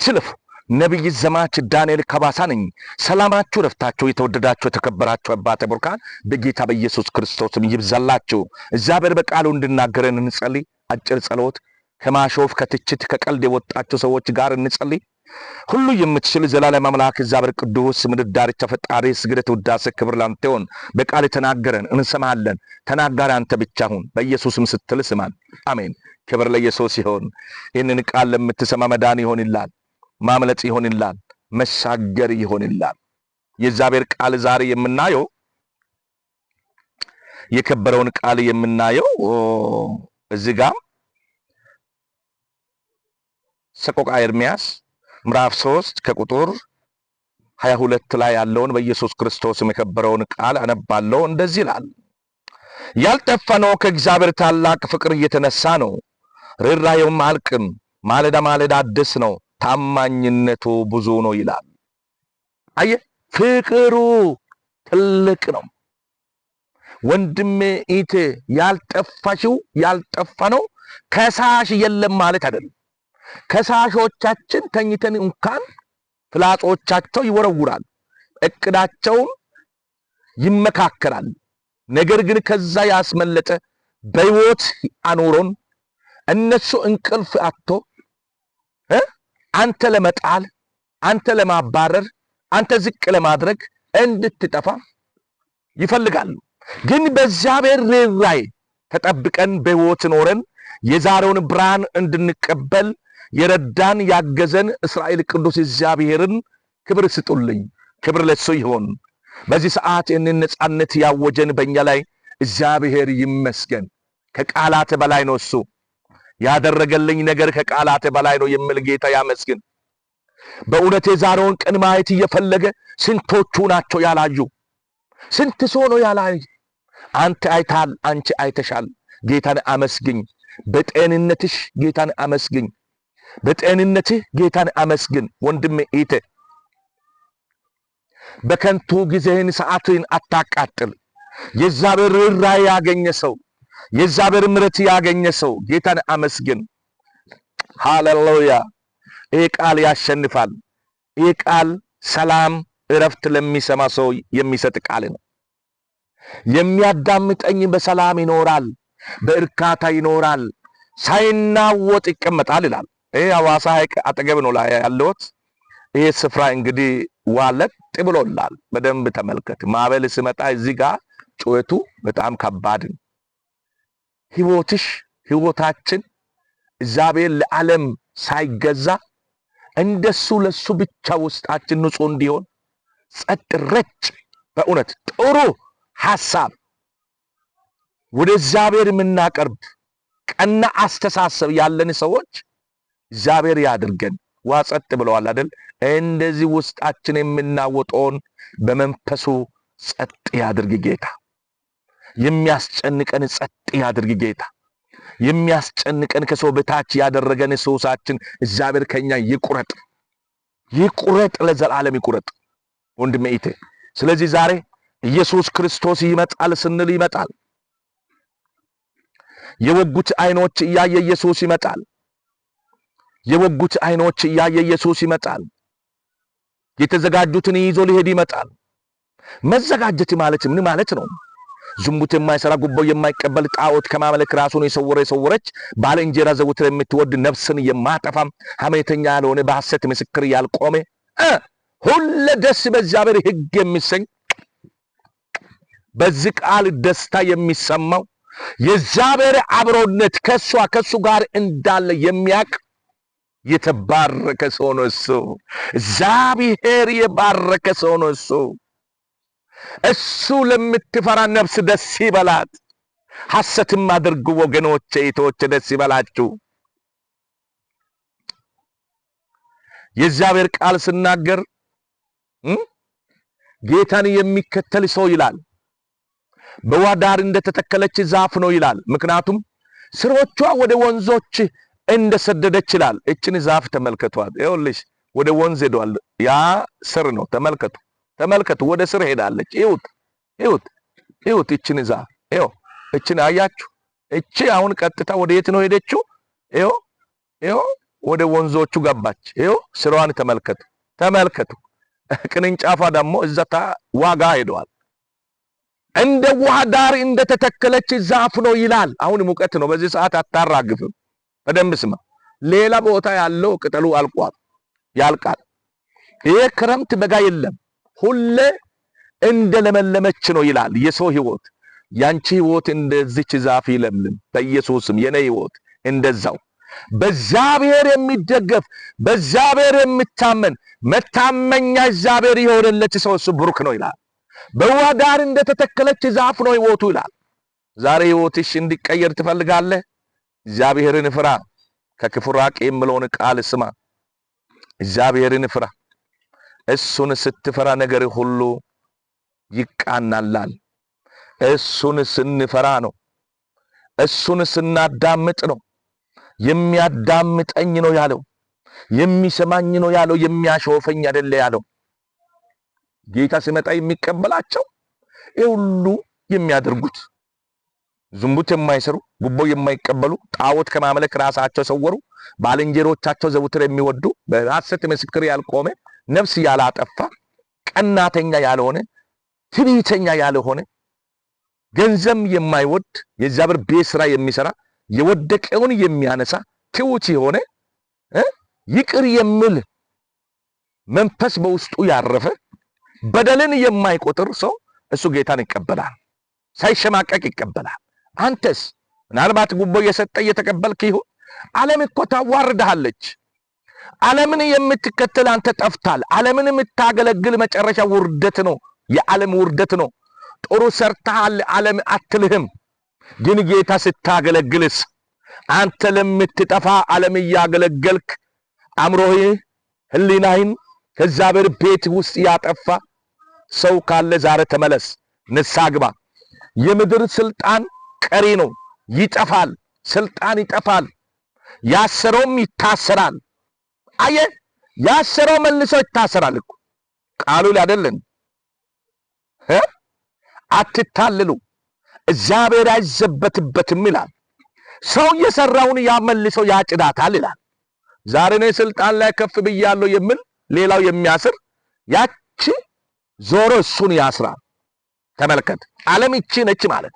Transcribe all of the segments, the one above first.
አትልፉ። ነቢይ ዘማች ዳንኤል ከባሳ ነኝ። ሰላማችሁ ረፍታችሁ የተወደዳችሁ የተከበራችሁ አባተ ቡርካን በጌታ በኢየሱስ ክርስቶስም ይብዛላችሁ። እግዚአብሔር በቃሉ እንድናገረን እንጸልይ። አጭር ጸሎት ከማሾፍ ከትችት ከቀልድ የወጣችሁ ሰዎች ጋር እንጸልይ። ሁሉ የምትችል ዘላለም አምላክ እግዚአብሔር ቅዱስ ምድር ዳርቻ ፈጣሪ ስግደት፣ ውዳሴ፣ ክብር ላንተ ይሆን። በቃል የተናገረን እንሰማለን። ተናጋሪ አንተ ብቻ ሁን። በኢየሱስም ስትል ስማን። አሜን። ክብር ለኢየሱስ ይሆን። ይህንን ቃል ለምትሰማ መዳን ይሆንላል። ማምለጥ ይሆንላል፣ መሻገር ይሆንላል። የእግዚአብሔር ቃል ዛሬ የምናየው የከበረውን ቃል የምናየው እዚህ ጋር ሰቆቃ ኤርምያስ ምዕራፍ ሶስት ከቁጥር ሀያ ሁለት ላይ ያለውን በኢየሱስ ክርስቶስ የከበረውን ቃል አነባለሁ። እንደዚህ ይላል ያልጠፋነው ከእግዚአብሔር ታላቅ ፍቅር እየተነሳ ነው። ርኅራኄውም አያልቅም፣ ማለዳ ማለዳ አዲስ ነው ታማኝነቱ ብዙ ነው ይላል። አየ ፍቅሩ ትልቅ ነው። ወንድሜ ኢት ያልጠፋሽው ያልጠፋ ነው ከሳሽ የለም ማለት አይደለም። ከሳሾቻችን ተኝተን እንኳን ፍላጾቻቸው ይወረውራል፣ እቅዳቸውም ይመካከራል። ነገር ግን ከዛ ያስመለጠ በሕይወት አኖሮን እነሱ እንቅልፍ አጥቶ አንተ ለመጣል፣ አንተ ለማባረር፣ አንተ ዝቅ ለማድረግ እንድትጠፋ ይፈልጋሉ። ግን በእግዚአብሔር ርኅራኄ ተጠብቀን በሕይወት ኖረን የዛሬውን ብርሃን እንድንቀበል የረዳን ያገዘን እስራኤል ቅዱስ እግዚአብሔርን ክብር ስጡልኝ። ክብር ለሱ ይሆን። በዚህ ሰዓት ይህንን ነፃነት ያወጀን በእኛ ላይ እግዚአብሔር ይመስገን። ከቃላት በላይ ነው እሱ። ያደረገልኝ ነገር ከቃላቴ በላይ ነው የምል ጌታ ያመስግን። በእውነት የዛሬውን ቀን ማየት እየፈለገ ስንቶቹ ናቸው ያላዩ? ስንት ሰው ነው ያላዩ? አንተ አይታል፣ አንቺ አይተሻል። ጌታን አመስግኝ። በጤንነትሽ ጌታን አመስግኝ። በጤንነትህ ጌታን አመስግን። ወንድሜ ኢተ በከንቱ ጊዜህን ሰዓትን አታቃጥል። የእግዚአብሔር ርኅራኄ ያገኘ ሰው የእግዚአብሔር ምረት ያገኘ ሰው ጌታን አመስግን። ሃሌሉያ! ይህ ቃል ያሸንፋል። ይህ ቃል ሰላም፣ እረፍት ለሚሰማ ሰው የሚሰጥ ቃል ነው። የሚያዳምጠኝ በሰላም ይኖራል፣ በእርካታ ይኖራል፣ ሳይናወጥ ይቀመጣል ይላል። ይህ ሐዋሳ ሐይቅ አጠገብ ነው ላይ ያለሁት። ይህ ስፍራ እንግዲህ ዋለት ጥብሎላል። በደንብ ተመልከት። ማዕበል ሲመጣ እዚህ ጋር ጩኸቱ በጣም ከባድ ነው። ህይወትሽ ህይወታችን እግዚአብሔር ለዓለም ሳይገዛ እንደሱ ለሱ ብቻ ውስጣችን ንጹህ እንዲሆን ጸጥ ረጭ በእውነት ጥሩ ሐሳብ ወደ እግዚአብሔር የምናቀርብ ቀና አስተሳሰብ ያለን ሰዎች እግዚአብሔር ያድርገን። ዋጸጥ ብለዋል አይደል? እንደዚህ ውስጣችን የምናወጠውን በመንፈሱ ጸጥ ያድርግ ጌታ። የሚያስጨንቀን ጸጥ ያድርግ ጌታ። የሚያስጨንቀን ከሰው በታች ያደረገን ሰውሳችን እግዚአብሔር ከኛ ይቁረጥ ይቁረጥ፣ ለዘላለም ይቁረጥ ወንድሜ ኢቴ። ስለዚህ ዛሬ ኢየሱስ ክርስቶስ ይመጣል ስንል ይመጣል። የወጉት አይኖች እያየ ኢየሱስ ይመጣል። የወጉት አይኖች እያየ ኢየሱስ ይመጣል። የተዘጋጁትን ይዞ ሊሄድ ይመጣል። መዘጋጀት ማለት ምን ማለት ነው? ዝሙት የማይሰራ ጉቦ የማይቀበል ጣዖት ከማመለክ ራሱን የሰወረ የሰወረች ባልንጀራ ዘውትር የምትወድ ነፍስን የማጠፋም ሐሜተኛ ያልሆነ በሐሰት ምስክር ያልቆመ ሁለ ደስ በእግዚአብሔር ሕግ የሚሰኝ በዚህ ቃል ደስታ የሚሰማው የእግዚአብሔር አብሮነት ከእሷ ከእሱ ጋር እንዳለ የሚያቅ የተባረከ ሰው ነው እሱ። እግዚአብሔር የባረከ ሰው ነው እሱ። እሱ ለምትፈራ ነፍስ ደስ ይበላት። ሐሰትም አድርጉ ወገኖቼ፣ እህቶቼ ደስ ይበላችሁ። የእግዚአብሔር ቃል ስናገር ጌታን የሚከተል ሰው ይላል በውሃ ዳር እንደተተከለች ዛፍ ነው ይላል። ምክንያቱም ስሮቿ ወደ ወንዞች እንደሰደደች ይላል። እችን ዛፍ ተመልከቷት። ይኸውልሽ ወደ ወንዝ ሄዷል። ያ ስር ነው። ተመልከቱ። ተመልከቱ። ወደ ስር ሄዳለች። ይሁት ይሁት ይሁት እችን እዛ ይው እችን አያችሁ። እቺ አሁን ቀጥታ ወደ የት ነው ሄደችው? ይው ይው ወደ ወንዞቹ ገባች። ይው ስራዋን ተመልከቱ፣ ተመልከቱ። ቅርንጫፏ ደግሞ እዛታ ዋጋ ሄደዋል። እንደ ውሃ ዳር እንደተተከለች ዛፍ ነው ይላል። አሁን ሙቀት ነው፣ በዚህ ሰዓት አታራግፍም። በደንብ ስማ። ሌላ ቦታ ያለው ቅጠሉ አልቋል፣ ያልቃል። ይሄ ክረምት በጋ የለም። ሁሌ እንደ ለመለመች ነው ይላል የሰው ህይወት። ያንቺ ህይወት እንደዚች ዛፍ ይለምልም። በኢየሱስም የኔ ህይወት እንደዛው በእግዚአብሔር የሚደገፍ በእግዚአብሔር የሚታመን መታመኛ እግዚአብሔር የሆነለች ሰው እሱ ብሩክ ነው ይላል። በውሃ ዳር እንደተተከለች ዛፍ ነው ህይወቱ ይላል። ዛሬ ህይወትሽ እንዲቀየር ትፈልጋለህ? እግዚአብሔርን ፍራ፣ ከክፉ ራቅ ቃል ስማ። እግዚአብሔርን ፍራ። እሱን ስትፈራ ነገር ሁሉ ይቃናላል። እሱን ስንፈራ ነው። እሱን ስናዳምጥ ነው። የሚያዳምጠኝ ነው ያለው፣ የሚሰማኝ ነው ያለው፣ የሚያሾፈኝ አይደለ ያለው። ጌታ ሲመጣ የሚቀበላቸው ይህ ሁሉ የሚያደርጉት ዝንቡት የማይሰሩ ጉቦ የማይቀበሉ ጣዖት ከማምለክ ራሳቸው ሰወሩ ባልንጀሮቻቸው ዘውትር የሚወዱ በሐሰት ምስክር ያልቆመ ነፍስ ያላጠፋ ቀናተኛ ያልሆነ ትዕቢተኛ ያልሆነ ገንዘብ የማይወድ የእግዚአብሔር ቤት ስራ የሚሰራ የወደቀውን የሚያነሳ ትውት የሆነ ይቅር የሚል መንፈስ በውስጡ ያረፈ በደልን የማይቆጥር ሰው እሱ ጌታን ይቀበላል። ሳይሸማቀቅ ይቀበላል። አንተስ ምናልባት ጉቦ እየሰጠ እየተቀበልክ ይሁን። ዓለም እኮ ታዋርድሃለች። ዓለምን የምትከተል አንተ ጠፍታል። ዓለምን የምታገለግል መጨረሻ ውርደት ነው፣ የዓለም ውርደት ነው። ጥሩ ሰርተሃል ዓለም አትልህም። ግን ጌታ ስታገለግልስ አንተ ለምትጠፋ ዓለም እያገለገልክ አእምሮህ ህሊናህን ከእግዚአብሔር ቤት ውስጥ ያጠፋ ሰው ካለ ዛሬ ተመለስ፣ ንስሐ ግባ። የምድር ስልጣን ቀሪ ነው፣ ይጠፋል። ስልጣን ይጠፋል። ያሰረውም ይታሰራል። አየ ያሰረው መልሶ ይታሰራል እኮ ቃሉ ላይ አይደለም። አትታልሉ፣ እግዚአብሔር አይዘበትበትም ይላል። ሰው እየሰራውን ያ መልሶ ያጭዳታል ይላል። ዛሬ ነው ስልጣን ላይ ከፍ ብያለሁ የሚል ሌላው የሚያስር ያቺ ዞሮ እሱን ያስራ ተመልከት፣ ዓለም ይቺ ነች ማለት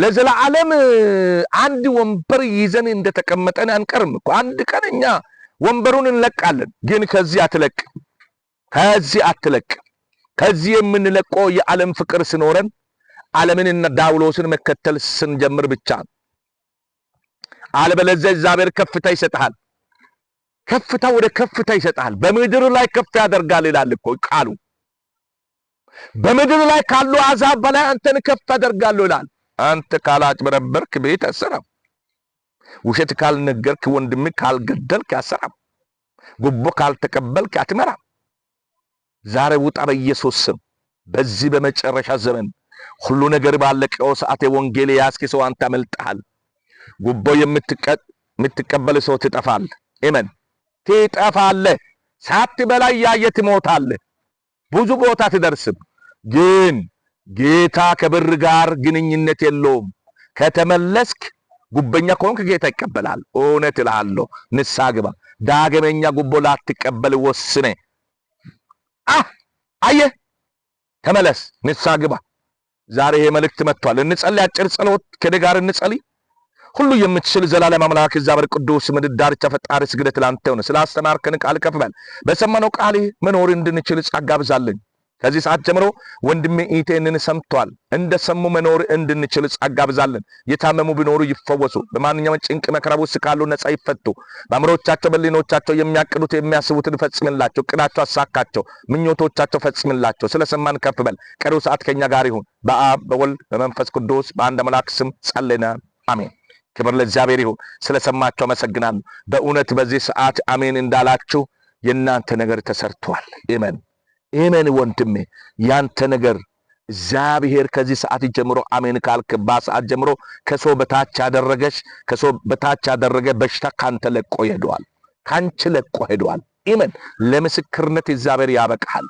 ለዘላ ዓለም አንድ ወንበር ይዘን እንደተቀመጠን አንቀርም እኮ አንድ ቀን እኛ ወንበሩን እንለቃለን፣ ግን ከዚህ አትለቅ፣ ከዚህ አትለቅ። ከዚህ የምንለቀው የዓለም ፍቅር ስኖረን ዓለምንና ዳውሎስን መከተል ስንጀምር ብቻ ነው። አለበለዚያ እግዚአብሔር ከፍታ ይሰጥሃል። ከፍታ ወደ ከፍታ ይሰጥሃል። በምድር ላይ ከፍ ያደርጋል ይላል እኮ ቃሉ። በምድር ላይ ካሉ አሕዛብ በላይ አንተን ከፍ ያደርጋሉ ይላል። አንተ ካላጭበረበርክ ቤት አትሰራም። ውሸት ካልነገርክ፣ ወንድም ካልገደልክ አሰራም፣ ጉቦ ካልተቀበልክ አትመራም። ዛሬ ውጣ በኢየሱስ ስም። በዚህ በመጨረሻ ዘመን ሁሉ ነገር ባለቀው ሰዓት ወንጌል ያስኪ ሰው አንተ አመልጠሃል። ጉቦ የምትቀበል ሰው ትጠፋል። እመን፣ ትጠፋለ። በላይ እያየ ትሞታለ። ብዙ ቦታ ትደርስም። ግን ጌታ ከብር ጋር ግንኙነት የለውም ከተመለስክ ጉበኛ ከሆንክ ጌታ ይቀበላል። እውነት እልሃለሁ፣ ንሳ ግባ። ዳግመኛ ጉቦ ላትቀበል ወስነ። አ አየ ተመለስ፣ ንሳ ግባ። ዛሬ ይሄ መልእክት መጥቷል። እንጸልይ፣ አጭር ጸሎት ከኔ ጋር እንጸልይ። ሁሉ የምትችል ዘላለም አምላክ እግዚአብሔር ቅዱስ ምድር ዳርቻ ፈጣሪ ስግደት ላንተ ይሁን። ስላስተማርከን ቃል ከፍበል በሰማነው ቃል መኖር እንድንችል ጸጋ አብዛልን። ከዚህ ሰዓት ጀምሮ ወንድሜ ኢቴንን ሰምቷል። እንደ ሰሙ መኖር እንድንችል ጸጋ ብዛለን። የታመሙ ቢኖሩ ይፈወሱ። በማንኛውም ጭንቅ መከራ ውስጥ ካሉ ነፃ ይፈቱ። በአእምሮቻቸው በሊኖቻቸው የሚያቅዱት የሚያስቡትን ፈጽምላቸው። ቅዳቸው አሳካቸው። ምኞቶቻቸው ፈጽምላቸው። ስለሰማን ከፍ በል። ቀሪው ሰዓት ከኛ ጋር ይሁን። በአብ በወልድ በመንፈስ ቅዱስ በአንድ አምላክ ስም ጸለይነ፣ አሜን። ክብር ለእግዚአብሔር ይሁን። ስለሰማቸው አመሰግናለሁ። በእውነት በዚህ ሰዓት አሜን እንዳላችሁ የእናንተ ነገር ተሰርቷል። ኢመን እመን ወንድሜ፣ ያንተ ነገር እግዚአብሔር ከዚህ ሰዓት ጀምሮ አሜን ካልክባ ሰዓት ጀምሮ ከሰው በታች አደረገሽ፣ ከሰው በታች አደረገ በሽታ ካንተ ለቆ ሄደዋል፣ ካንቺ ለቆ ሄደዋል። ኢመን ለምስክርነት እግዚአብሔር ያበቃሃል።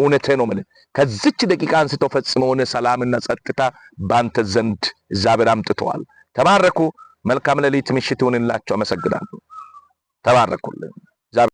እውነቴ ነው የምልህ ከዚች ደቂቃ አንስቶ ፈጽሞ ሆነ ሰላምና ጸጥታ በአንተ ዘንድ እግዚአብሔር አምጥተዋል። ተባረኩ። መልካም ሌሊት ምሽት ይሁንላችሁ። አመሰግናለሁ። ተባረኩልን።